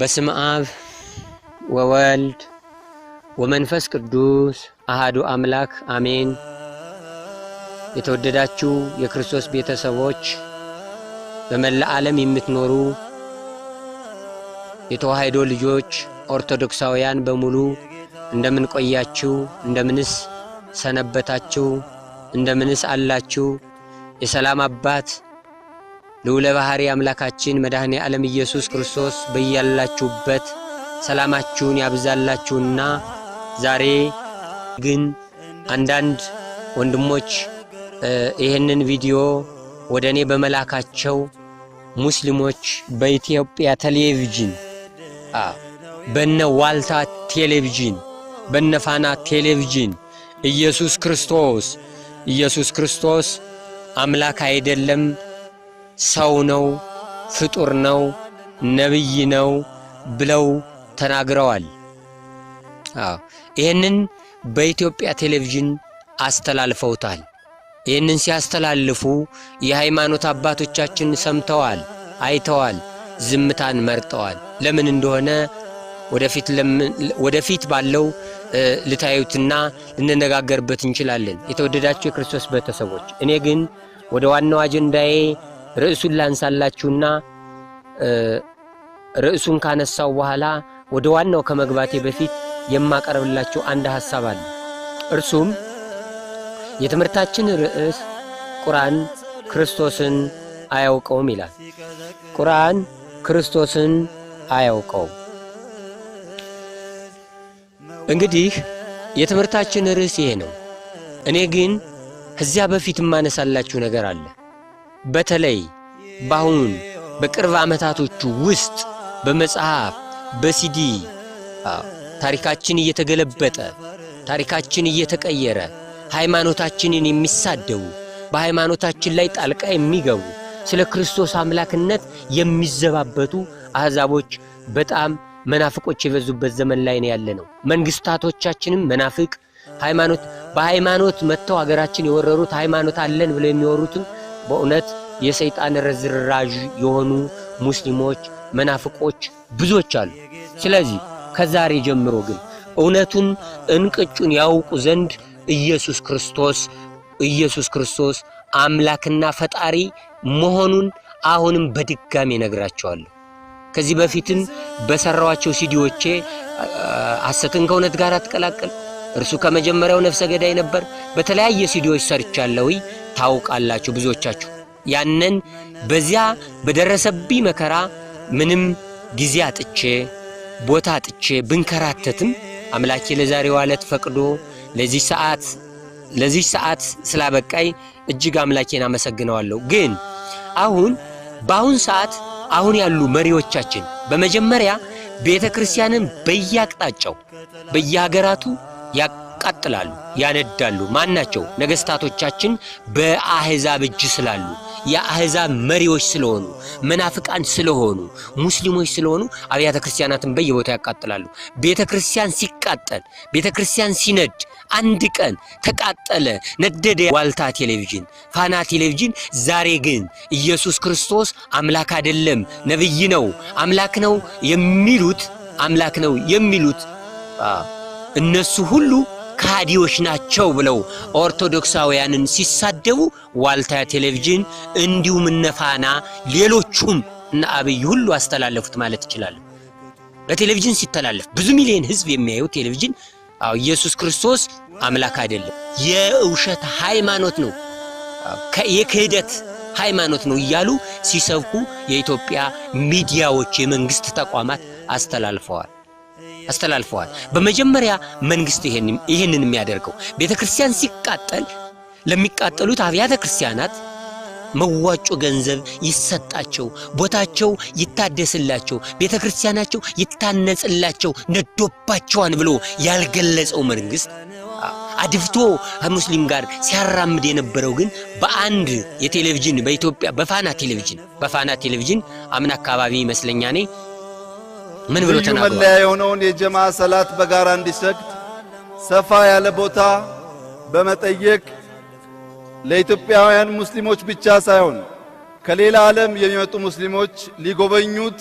በስም አብ ወወልድ ወመንፈስ ቅዱስ አሃዱ አምላክ አሜን። የተወደዳችሁ የክርስቶስ ቤተሰቦች በመላ ዓለም የምትኖሩ የተዋህዶ ልጆች ኦርቶዶክሳውያን በሙሉ እንደምን ቆያችሁ? እንደምንስ ሰነበታችሁ? እንደምንስ አላችሁ? የሰላም አባት ልዑለ ባህሪ አምላካችን መድኃኔ ዓለም ኢየሱስ ክርስቶስ በያላችሁበት ሰላማችሁን ያብዛላችሁና ዛሬ ግን አንዳንድ ወንድሞች ይህንን ቪዲዮ ወደ እኔ በመላካቸው ሙስሊሞች በኢትዮጵያ ቴሌቪዥን በነ ዋልታ ቴሌቪዥን በነ ፋና ቴሌቪዥን ኢየሱስ ክርስቶስ ኢየሱስ ክርስቶስ አምላክ አይደለም ሰው ነው፣ ፍጡር ነው፣ ነብይ ነው ብለው ተናግረዋል። ይህንን በኢትዮጵያ ቴሌቪዥን አስተላልፈውታል። ይህንን ሲያስተላልፉ የሃይማኖት አባቶቻችን ሰምተዋል፣ አይተዋል፣ ዝምታን መርጠዋል። ለምን እንደሆነ ወደፊት ባለው ልታዩትና ልንነጋገርበት እንችላለን። የተወደዳቸው የክርስቶስ ቤተሰቦች፣ እኔ ግን ወደ ዋናው አጀንዳዬ ርዕሱን ላንሳላችሁና ርዕሱን ካነሳው በኋላ ወደ ዋናው ከመግባቴ በፊት የማቀርብላችሁ አንድ ሐሳብ አለ። እርሱም የትምህርታችን ርዕስ ቁርአን ክርስቶስን አያውቀውም ይላል። ቁርአን ክርስቶስን አያውቀውም። እንግዲህ የትምህርታችን ርዕስ ይሄ ነው። እኔ ግን ከዚያ በፊት የማነሳላችሁ ነገር አለ። በተለይ በአሁን በቅርብ ዓመታቶቹ ውስጥ በመጽሐፍ በሲዲ ታሪካችን እየተገለበጠ ታሪካችን እየተቀየረ ሃይማኖታችንን የሚሳደቡ በሃይማኖታችን ላይ ጣልቃ የሚገቡ ስለ ክርስቶስ አምላክነት የሚዘባበቱ አሕዛቦች በጣም መናፍቆች የበዙበት ዘመን ላይ ነው ያለ ነው። መንግስታቶቻችንም መናፍቅ ሃይማኖት በሃይማኖት መጥተው ሀገራችን የወረሩት ሃይማኖት አለን ብለው የሚወሩትም በእውነት የሰይጣን ርዝራዥ የሆኑ ሙስሊሞች፣ መናፍቆች ብዙዎች አሉ። ስለዚህ ከዛሬ ጀምሮ ግን እውነቱን እንቅጩን ያውቁ ዘንድ ኢየሱስ ክርስቶስ ኢየሱስ ክርስቶስ አምላክና ፈጣሪ መሆኑን አሁንም በድጋሚ ነግራቸዋለሁ። ከዚህ በፊትም በሰራዋቸው ሲዲዎቼ ሐሰትን ከእውነት ጋር አትቀላቀል እርሱ ከመጀመሪያው ነፍሰ ገዳይ ነበር። በተለያየ ሲዲዎች ሰርቻለሁ፣ ታውቃላችሁ ብዙዎቻችሁ። ያንን በዚያ በደረሰብኝ መከራ ምንም ጊዜ አጥቼ ቦታ አጥቼ ብንከራተትም አምላኬ ለዛሬው ዕለት ፈቅዶ ለዚህ ሰዓት ለዚህ ሰዓት ስላበቃይ እጅግ አምላኬን አመሰግነዋለሁ። ግን አሁን በአሁን ሰዓት አሁን ያሉ መሪዎቻችን በመጀመሪያ ቤተ ክርስቲያንን በየአቅጣጫው በየሀገራቱ ያቃጥላሉ፣ ያነዳሉ። ማን ናቸው? ነገስታቶቻችን በአህዛብ እጅ ስላሉ የአህዛብ መሪዎች ስለሆኑ መናፍቃን ስለሆኑ ሙስሊሞች ስለሆኑ አብያተ ክርስቲያናትን በየቦታው ያቃጥላሉ። ቤተ ክርስቲያን ሲቃጠል፣ ቤተ ክርስቲያን ሲነድ፣ አንድ ቀን ተቃጠለ፣ ነደደ ዋልታ ቴሌቪዥን፣ ፋና ቴሌቪዥን። ዛሬ ግን ኢየሱስ ክርስቶስ አምላክ አይደለም ነብይ ነው፣ አምላክ ነው የሚሉት አምላክ ነው የሚሉት እነሱ ሁሉ ካዲዎች ናቸው ብለው ኦርቶዶክሳውያንን ሲሳደቡ ዋልታ ቴሌቪዥን እንዲሁም እነፋና ሌሎቹም እና አብይ ሁሉ አስተላለፉት ማለት ይችላል። በቴሌቪዥን ሲተላለፍ ብዙ ሚሊዮን ህዝብ የሚያየው ቴሌቪዥን አዎ ኢየሱስ ክርስቶስ አምላክ አይደለም፣ የውሸት ሃይማኖት ነው፣ የክህደት ሃይማኖት ነው እያሉ ሲሰብኩ የኢትዮጵያ ሚዲያዎች የመንግስት ተቋማት አስተላልፈዋል። አስተላልፈዋል። በመጀመሪያ መንግስት ይህንን የሚያደርገው ቤተ ክርስቲያን ሲቃጠል ለሚቃጠሉት አብያተ ክርስቲያናት መዋጮ ገንዘብ ይሰጣቸው፣ ቦታቸው ይታደስላቸው፣ ቤተ ክርስቲያናቸው ይታነጽላቸው ነዶባቸዋን ብሎ ያልገለጸው መንግስት አድፍቶ ከሙስሊም ጋር ሲያራምድ የነበረው ግን በአንድ የቴሌቪዥን በኢትዮጵያ በፋና ቴሌቪዥን በፋና ቴሌቪዥን አምን አካባቢ ይመስለኛ እኔ ምን ብሎ ተናግሯል? መለያ የሆነውን የጀማ ሰላት በጋራ እንዲሰግድ ሰፋ ያለ ቦታ በመጠየቅ ለኢትዮጵያውያን ሙስሊሞች ብቻ ሳይሆን ከሌላ ዓለም የሚመጡ ሙስሊሞች ሊጎበኙት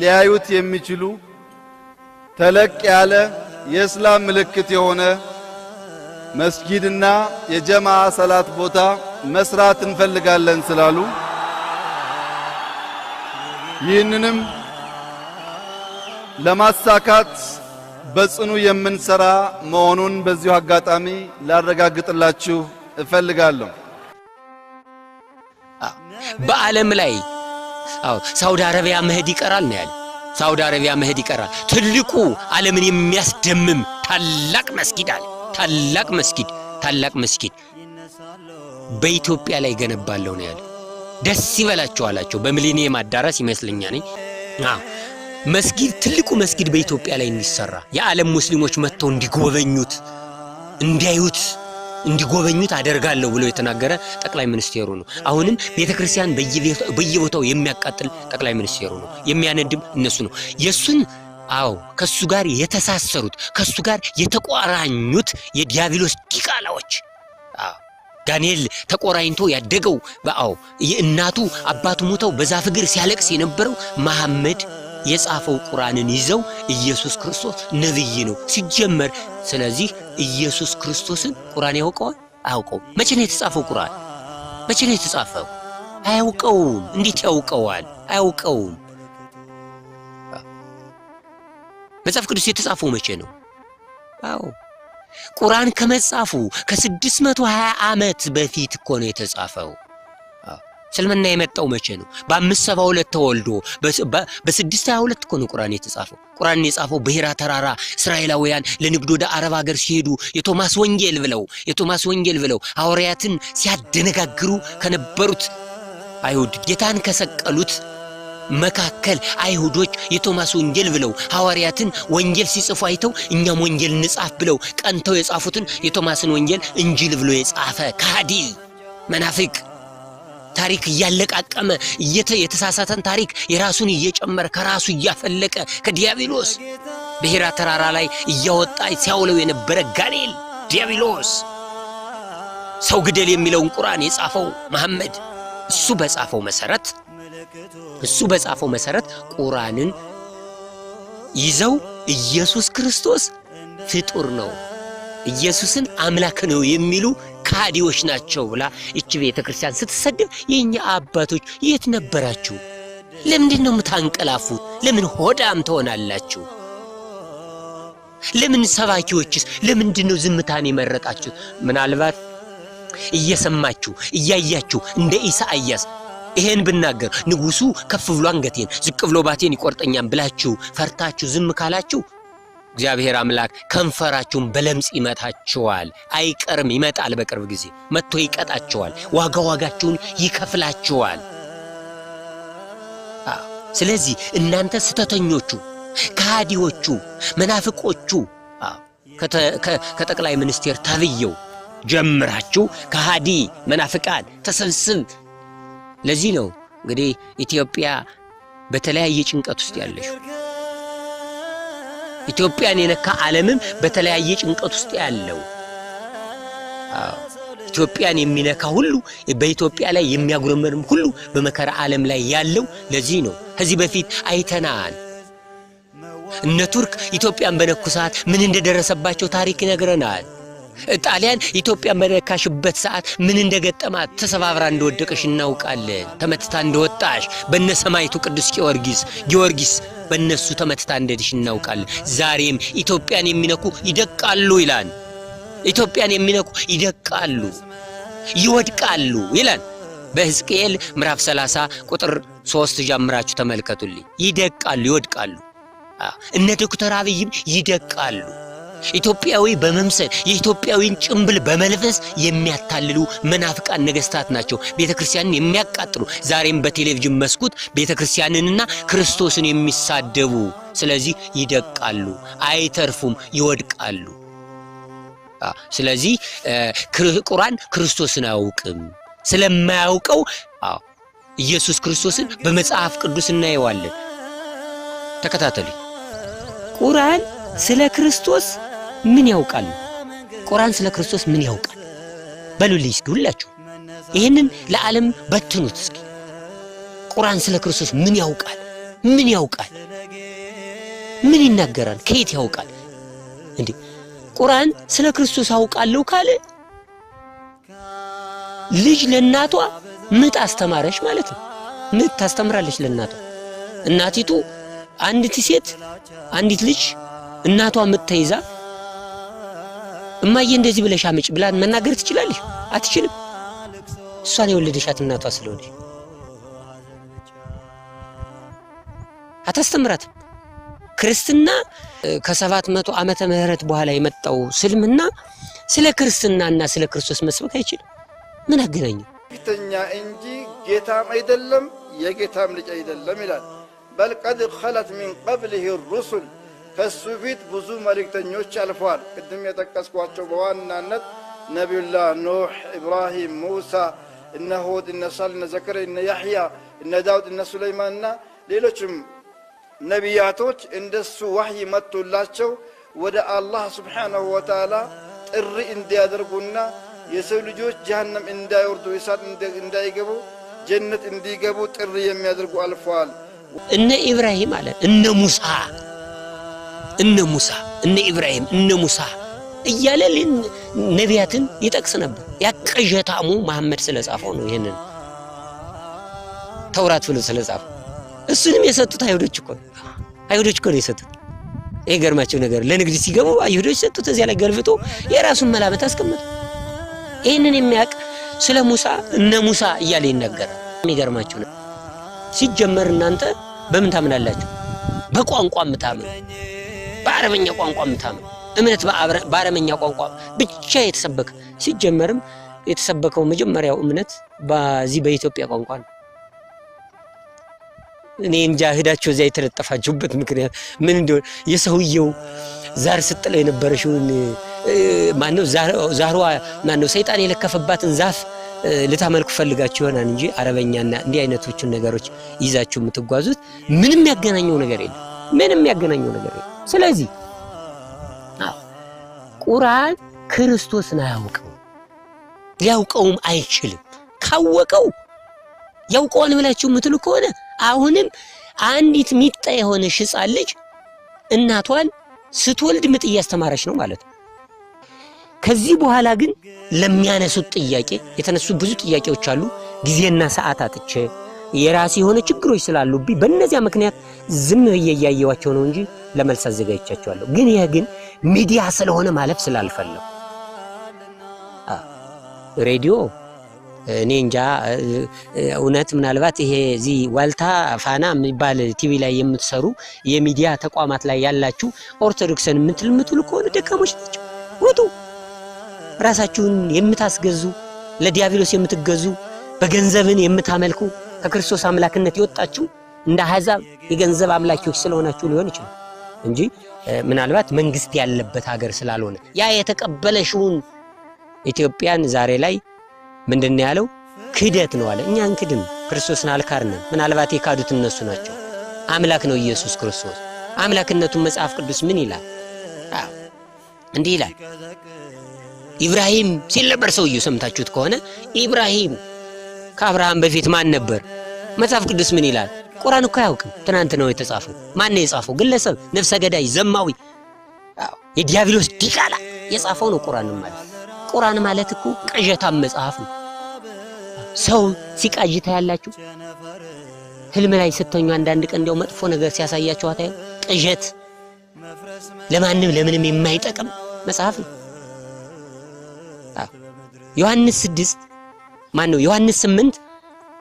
ሊያዩት የሚችሉ ተለቅ ያለ የእስላም ምልክት የሆነ መስጊድና የጀማ ሰላት ቦታ መስራት እንፈልጋለን ስላሉ ይህንንም ለማሳካት በጽኑ የምንሰራ መሆኑን በዚሁ አጋጣሚ ላረጋግጥላችሁ እፈልጋለሁ። በዓለም ላይ አዎ ሳውዲ አረቢያ መሄድ ይቀራል ነው ያለ። ሳውዲ አረቢያ መሄድ ይቀራል። ትልቁ ዓለምን የሚያስደምም ታላቅ መስጊድ አለ። ታላቅ መስጊድ ታላቅ መስጊድ በኢትዮጵያ ላይ ገነባለሁ ነው ያለ። ደስ ይበላችሁ አላቸው። በሚሊኒየም አዳራሽ ይመስለኛል። አዎ መስጊድ ትልቁ መስጊድ በኢትዮጵያ ላይ የሚሰራ የዓለም ሙስሊሞች መጥተው እንዲጎበኙት እንዲያዩት እንዲጎበኙት አደርጋለሁ ብሎ የተናገረ ጠቅላይ ሚኒስቴሩ ነው። አሁንም ቤተ ክርስቲያን በየቦታው የሚያቃጥል ጠቅላይ ሚኒስቴሩ ነው። የሚያነድም እነሱ ነው። የእሱን አዎ ከእሱ ጋር የተሳሰሩት ከሱ ጋር የተቆራኙት የዲያብሎስ ዲቃላዎች ዳንኤል ተቆራኝቶ ያደገው በአዎ የእናቱ አባቱ ሞተው በዛፍ እግር ሲያለቅስ የነበረው መሐመድ የጻፈው ቁርአንን ይዘው ኢየሱስ ክርስቶስ ነብይ ነው ሲጀመር። ስለዚህ ኢየሱስ ክርስቶስን ቁርአን ያውቀዋል? አያውቀውም። መቼ ነው የተጻፈው ቁርአን? መቼ ነው የተጻፈው? አያውቀውም። እንዴት ያውቀዋል? አያውቀውም። መጽሐፍ ቅዱስ የተጻፈው መቼ ነው? አዎ ቁርአን ከመጻፉ ከ620 ሃያ ዓመት በፊት እኮ ነው የተጻፈው። ስልምና የመጣው መቼ ነው? በአምስት ሰባ ሁለት ተወልዶ በስድስት ሀያ ሁለት እኮ ነው ቁርአን የተጻፈው። ቁርአን የጻፈው በሂራ ተራራ እስራኤላውያን ለንግድ ወደ አረብ ሀገር ሲሄዱ የቶማስ ወንጌል ብለው የቶማስ ወንጌል ብለው ሐዋርያትን ሲያደነጋግሩ ከነበሩት አይሁድ ጌታን ከሰቀሉት መካከል አይሁዶች የቶማስ ወንጌል ብለው ሐዋርያትን ወንጌል ሲጽፉ አይተው እኛም ወንጌል እንጻፍ ብለው ቀንተው የጻፉትን የቶማስን ወንጌል እንጅል ብሎ የጻፈ ካዲ መናፍቅ ታሪክ እያለቃቀመ የተሳሳተን ታሪክ የራሱን እየጨመረ ከራሱ እያፈለቀ ከዲያብሎስ በሄራ ተራራ ላይ እያወጣ ሲያውለው የነበረ ጋኔል ዲያብሎስ ሰው ግደል የሚለውን ቁርአን የጻፈው መሐመድ እሱ በጻፈው መሰረት እሱ በጻፈው መሰረት ቁርአንን ይዘው ኢየሱስ ክርስቶስ ፍጡር ነው፣ ኢየሱስን አምላክ ነው የሚሉ ካዲዎች ናቸው ብላ እች ቤተ ክርስቲያን ስትሰደብ የእኛ አባቶች የት ነበራችሁ? ለምንድን ነው የምታንቀላፉት? ለምን ሆዳም ትሆናላችሁ? ለምን ሰባኪዎችስ ለምንድን ነው ዝምታን የመረጣችሁት? ምናልባት እየሰማችሁ እያያችሁ እንደ ኢሳይያስ ይሄን ብናገር ንጉሱ ከፍ ብሎ አንገቴን ዝቅ ብሎ ባቴን ይቆርጠኛም ብላችሁ ፈርታችሁ ዝም ካላችሁ እግዚአብሔር አምላክ ከንፈራችሁን በለምጽ ይመታችኋል። አይቀርም፣ ይመጣል። በቅርብ ጊዜ መጥቶ ይቀጣችኋል። ዋጋ ዋጋችሁን ይከፍላችኋል። ስለዚህ እናንተ ስተተኞቹ፣ ከሃዲዎቹ፣ መናፍቆቹ ከጠቅላይ ሚኒስቴር ተብየው ጀምራችሁ ከሃዲ መናፍቃን ተሰብስብ። ለዚህ ነው እንግዲህ ኢትዮጵያ በተለያየ ጭንቀት ውስጥ ያለችው። ኢትዮጵያን የነካ ዓለምም በተለያየ ጭንቀት ውስጥ ያለው ኢትዮጵያን የሚነካ ሁሉ በኢትዮጵያ ላይ የሚያጉረመርም ሁሉ በመከራ ዓለም ላይ ያለው ለዚህ ነው። ከዚህ በፊት አይተናል። እነ ቱርክ ኢትዮጵያን በነኩ ሰዓት ምን እንደደረሰባቸው ታሪክ ይነግረናል። ጣሊያን ኢትዮጵያን በነካሽበት ሰዓት ምን እንደገጠማት ተሰባብራ እንደወደቀሽ እናውቃለን። ተመትታ እንደወጣሽ በነ ሰማይቱ ቅዱስ ጊዮርጊስ ጊዮርጊስ በእነሱ ተመትታ እንደድሽ እናውቃለን። ዛሬም ኢትዮጵያን የሚነኩ ይደቃሉ ይላል። ኢትዮጵያን የሚነኩ ይደቃሉ፣ ይወድቃሉ ይላል። በሕዝቅኤል ምዕራፍ 30 ቁጥር 3 ጀምራችሁ ተመልከቱልኝ። ይደቃሉ፣ ይወድቃሉ። እነ ዶክተር አብይም ይደቃሉ። ኢትዮጵያዊ በመምሰል የኢትዮጵያዊን ጭምብል በመልበስ የሚያታልሉ መናፍቃን ነገስታት ናቸው። ቤተክርስቲያንን የሚያቃጥሉ ዛሬም በቴሌቪዥን መስኮት ቤተክርስቲያንንና ክርስቶስን የሚሳደቡ ስለዚህ ይደቃሉ፣ አይተርፉም፣ ይወድቃሉ። ስለዚህ ቁራን ክርስቶስን አያውቅም። ስለማያውቀው ኢየሱስ ክርስቶስን በመጽሐፍ ቅዱስ እናየዋለን። ተከታተሉ። ቁርአን ስለ ክርስቶስ ምን ያውቃሉ? ቁርአን ስለ ክርስቶስ ምን ያውቃል? በሉልኝ እስኪ ሁላችሁ ይህንን ለዓለም በትኑት እስኪ። ቁርአን ስለ ክርስቶስ ምን ያውቃል? ምን ያውቃል? ምን ይናገራል? ከየት ያውቃል? እንዴ ቁርአን ስለ ክርስቶስ አውቃለሁ ካለ ልጅ ለእናቷ ምጥ አስተማረች ማለት ነው። ምጥ ታስተምራለች ለእናቷ። እናቲቱ አንዲት ሴት አንዲት ልጅ እናቷ ምጥ ተይዛ እማዬ እንደዚህ ብለሽ አምጪ ብላ መናገር ትችላለሽ? አትችልም። እሷን የወለደሻት እናቷ ስለሆነ አታስተምራትም። ክርስትና ከሰባት መቶ ዓመተ ምህረት በኋላ የመጣው ስልምና ስለ ክርስትናና ስለ ክርስቶስ መስበክ አይችልም። ምን አገናኘ ፊተኛ እንጂ ጌታም አይደለም የጌታም ልጅ አይደለም ይላል። በልቀድ ቀድ ኸለት ሚን ሩሱል ከሱ ፊት ብዙ መልእክተኞች አልፈዋል። ቅድም የጠቀስኳቸው በዋናነት ነቢዩላህ ኑሕ፣ ኢብራሂም፣ ሙሳ፣ እነ ሁድ፣ እነ ሳል፣ እነ ዘከር፣ እነ ያሕያ፣ እነ ዳውድ፣ እነ ሱለይማን እና ሌሎችም ነቢያቶች እንደሱ ዋህይ መጥቶላቸው ወደ አላህ ስብሓነሁ ወተዓላ ጥሪ እንዲያደርጉና የሰው ልጆች ጀሃነም እንዳይወርዱ እሳት እንዳይገቡ ጀነት እንዲገቡ ጥሪ የሚያደርጉ አልፈዋል። እነ ኢብራሂም አለ እነ ሙሳ እነ ሙሳ፣ እነ ኢብራሂም፣ እነ ሙሳ እያለ ነቢያትን ይጠቅስ ነበር። ያቀዠታሙ መሐመድ ስለጻፈው ነው። ይህንን ተውራት ብሎ ስለጻፈው እሱንም የሰጡት አይሁዶች እኮ አይሁዶች እኮ ነው የሰጡት። ይሄ ገርማቸው ነገር ለንግድ ሲገቡ አይሁዶች ሰጡት። እዚያ ላይ ገልብጦ የራሱን መላበት አስቀምጡ። ይህንን የሚያውቅ ስለ ሙሳ እነ ሙሳ እያለ ይነገራል። የሚገርማችሁ ነው። ሲጀመር እናንተ በምን ታምናላችሁ? በቋንቋ የምታምን በአረመኛ ቋንቋ የምታምን እምነት በአረመኛ ቋንቋ ብቻ የተሰበከ ሲጀመርም የተሰበከው መጀመሪያው እምነት በዚህ በኢትዮጵያ ቋንቋ ነው። እኔ እንጃ እህዳቸው እዚያ የተለጠፋችሁበት ምክንያት ምን እንደሆነ የሰውየው ዛር ስጥለው የነበረሽውን ማነው ዛሯ ማነው ሰይጣን የለከፈባትን ዛፍ ልታመልኩ ፈልጋችሁ ይሆናል እንጂ አረበኛና እንዲህ አይነቶቹን ነገሮች ይዛችሁ የምትጓዙት ምንም ያገናኘው ነገር የለም። ምንም የሚያገናኘው ነገር የለም። ስለዚህ ቁርአን ክርስቶስን አያውቀው ሊያውቀውም አይችልም። ካወቀው ያውቀዋል ብላችሁ የምትሉ ከሆነ አሁንም አንዲት ሚጣ የሆነ ሕፃን ልጅ እናቷን ስትወልድ ምጥ እያስተማረች ነው ማለት ነው። ከዚህ በኋላ ግን ለሚያነሱት ጥያቄ የተነሱ ብዙ ጥያቄዎች አሉ። ጊዜና ሰዓት አጥቼ የራሴ የሆነ ችግሮች ስላሉብኝ በእነዚያ ምክንያት ዝም ብዬ እያየዋቸው ነው እንጂ ለመልስ አዘጋጅቻቸዋለሁ። ግን ይህ ግን ሚዲያ ስለሆነ ማለፍ ስላልፈለሁ ሬዲዮ እኔ እንጃ እውነት ምናልባት ይሄ እዚህ ዋልታ ፋና የሚባል ቲቪ ላይ የምትሰሩ የሚዲያ ተቋማት ላይ ያላችሁ ኦርቶዶክስን የምትል የምትሉ ከሆነ ደካሞች ናቸው። ውጡ። ራሳችሁን የምታስገዙ ለዲያብሎስ የምትገዙ በገንዘብን የምታመልኩ ከክርስቶስ አምላክነት የወጣችሁ እንደ አሕዛብ የገንዘብ አምላኪዎች ስለሆናችሁ ሊሆን ይችላል እንጂ ምናልባት መንግስት ያለበት ሀገር ስላልሆነ ያ የተቀበለሽውን ኢትዮጵያን ዛሬ ላይ ምንድን ያለው? ክደት ነው አለ። እኛ እንክድም፣ ክርስቶስን አልካርንም። ምናልባት የካዱት እነሱ ናቸው። አምላክ ነው ኢየሱስ ክርስቶስ። አምላክነቱን መጽሐፍ ቅዱስ ምን ይላል? እንዲህ ይላል። ኢብራሂም ሲል ነበር ሰውዬው። ሰምታችሁት ከሆነ ኢብራሂም ከአብርሃም በፊት ማን ነበር? መጽሐፍ ቅዱስ ምን ይላል? ቁራን እኮ አያውቅም። ትናንት ነው የተጻፈው። ማን ነው የጻፈው? ግለሰብ፣ ነፍሰ ገዳይ፣ ዘማዊ፣ የዲያብሎስ ዲቃላ የጻፈው ነው ቁራን ማለት። ቁራን ማለት እኮ ቅዠታም መጽሐፍ ነው። ሰው ሲቃጅታ ያላችሁ ህልም ላይ ስተኙ አንዳንድ ቀን እንዲያው መጥፎ ነገር ሲያሳያችሁ አታዩ? ቅዠት ለማንም ለምንም የማይጠቅም መጽሐፍ ነው። ዮሐንስ ስድስት ማን ነው ዮሐንስ 8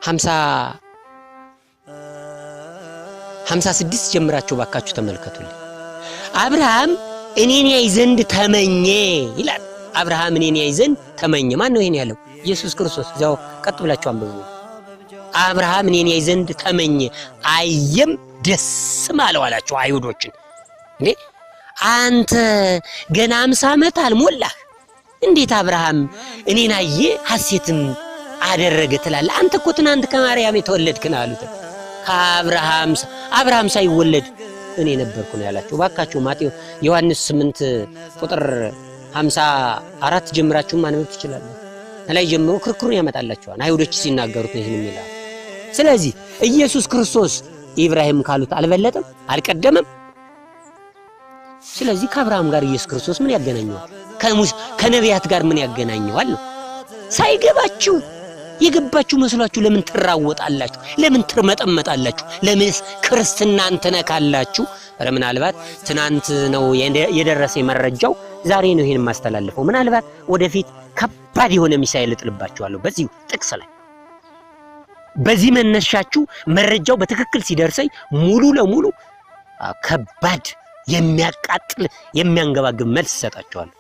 50 56 ጀምራችሁ ባካችሁ ተመልከቱልኝ። አብርሃም እኔን ያይ ዘንድ ተመኘ ይላል። አብርሃም እኔን ያይ ዘንድ ተመኘ። ማን ነው ይሄን ያለው? ኢየሱስ ክርስቶስ። እዚያው ቀጥ ብላችሁ አንብቡ። አብርሃም እኔን ያይ ዘንድ ተመኘ፣ አየም ደስም አለው አላቸው አይሁዶችን። እንዴ አንተ ገና 50 ዓመት አልሞላህ እንዴት አብርሃም እኔን አየ ሐሴትም አደረገ ትላለህ። አንተ እኮ ትናንት ከማርያም የተወለድክ አሉት። ከአብርሃም አብርሃም ሳይወለድ እኔ ነበርኩ ነው ያላቸው። ባካችሁ ማቴዎስ ዮሐንስ 8 ቁጥር 54 ጀምራችሁ ማንበብ ትችላለህ። ከላይ ጀምሮ ክርክሩን ያመጣላቸዋል። አይሁዶች ሲናገሩት ነው ይሄን ስለዚህ ኢየሱስ ክርስቶስ ኢብራሂም ካሉት አልበለጠም፣ አልቀደመም። ስለዚህ ከአብርሃም ጋር ኢየሱስ ክርስቶስ ምን ያገናኘዋል? ከነቢያት ጋር ምን ያገናኘዋል? ሳይገባችሁ የገባችሁ መስሏችሁ ለምን ትራወጣላችሁ? ለምን ትርመጠመጣላችሁ? ለምንስ ክርስትናን ትነካላችሁ? ኧረ ምናልባት ትናንት ነው የደረሰ መረጃው፣ ዛሬ ነው ይሄን የማስተላልፈው። ምናልባት ወደፊት ከባድ የሆነ ሚሳኤል እጥልባችኋለሁ በዚሁ ጥቅስ ላይ። በዚህ መነሻችሁ መረጃው በትክክል ሲደርሰኝ ሙሉ ለሙሉ ከባድ የሚያቃጥል የሚያንገባግብ መልስ ይሰጣችኋል።